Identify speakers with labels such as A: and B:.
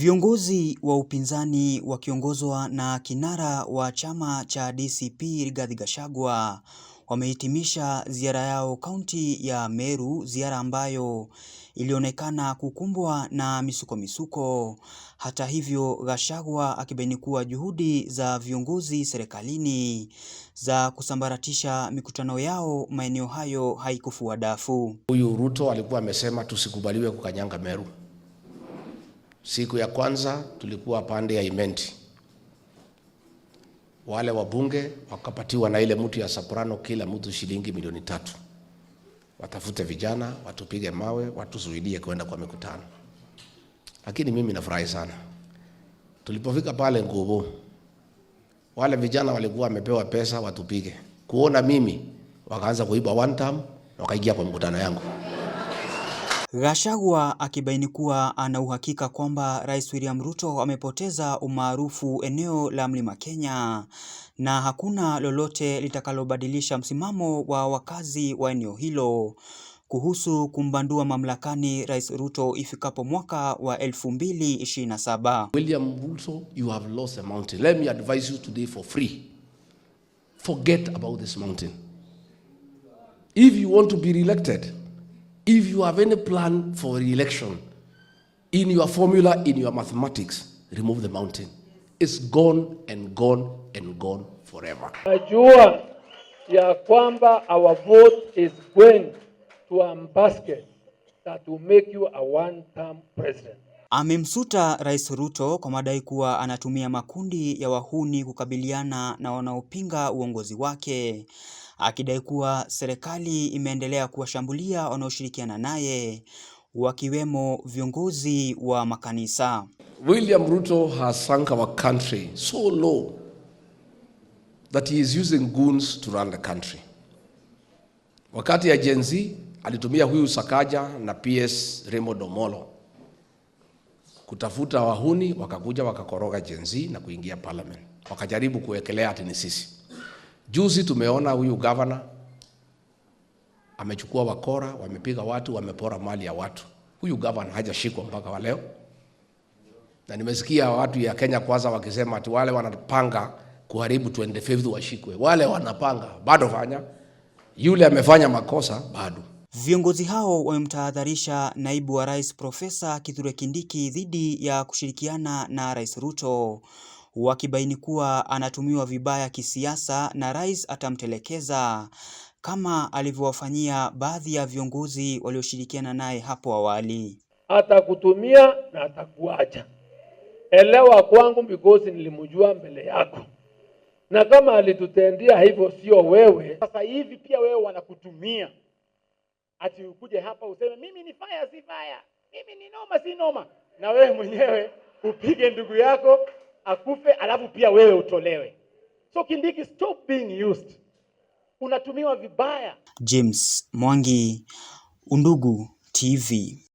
A: Viongozi wa upinzani wakiongozwa na kinara wa chama cha DCP Rigathi Gachagua wamehitimisha ziara yao kaunti ya Meru, ziara ambayo ilionekana kukumbwa na misuko misuko. Hata hivyo, Gachagua akibaini kuwa juhudi za viongozi serikalini za kusambaratisha mikutano yao maeneo hayo haikufua dafu.
B: Huyu Ruto alikuwa amesema tusikubaliwe kukanyanga Meru. Siku ya kwanza tulikuwa pande ya Imenti, wale wabunge wakapatiwa na ile mtu ya soprano, kila mtu shilingi milioni tatu, watafute vijana watupige mawe watuzuilie kwenda kwa mikutano. Lakini mimi nafurahi sana, tulipofika pale Nguvu, wale vijana walikuwa wamepewa pesa watupige, kuona mimi wakaanza kuiba one time, wakaingia kwa mkutano yangu.
A: Gachagua akibaini kuwa ana uhakika kwamba Rais William Ruto amepoteza umaarufu eneo la Mlima Kenya na hakuna lolote litakalobadilisha msimamo wa wakazi wa eneo hilo kuhusu kumbandua mamlakani Rais Ruto ifikapo mwaka wa 2027.
C: William Ruto, you have lost a mountain. Let me advise you today for free. Forget about this mountain. If you want to be reelected, If you have any plan for re-election, in your formula, in your mathematics, remove the mountain. It's gone and gone and gone forever.
D: Najua ya kwamba our vote is going to a basket that will make you a one-term president.
A: Amemsuta Rais Ruto kwa madai kuwa anatumia makundi ya wahuni kukabiliana na wanaopinga uongozi wake akidai kuwa serikali imeendelea kuwashambulia wanaoshirikiana naye wakiwemo viongozi wa makanisa.
B: William Ruto has sunk our country so low that he is using goons to run the country. Wakati ya Gen Z alitumia huyu Sakaja na PS Raymond domolo kutafuta wahuni, wakakuja wakakoroga Gen Z na kuingia parliament, wakajaribu kuwekelea hati ni sisi Juzi tumeona huyu gavana amechukua wakora, wamepiga watu, wamepora mali ya watu. Huyu gavana hajashikwa mpaka wa leo, na nimesikia watu ya Kenya Kwanza wakisema ati wale wanapanga kuharibu 25 washikwe, wale wanapanga bado fanya, yule amefanya makosa bado.
A: Viongozi hao wamemtahadharisha naibu wa rais Profesa Kithure Kindiki dhidi ya kushirikiana na Rais Ruto wakibaini kuwa anatumiwa vibaya kisiasa na rais atamtelekeza kama alivyowafanyia baadhi ya viongozi walioshirikiana naye hapo awali.
E: Atakutumia na atakuacha. Elewa kwangu, because nilimjua mbele yako, na kama alitutendia hivyo, sio wewe. Sasa hivi pia wewe wanakutumia ati ukuje hapa useme mimi ni faya si faya, mimi ni noma si noma, na wewe mwenyewe upige ndugu yako akufe, alafu pia wewe utolewe. So Kindiki, stop being used, unatumiwa vibaya.
F: James Mwangi, Undugu TV.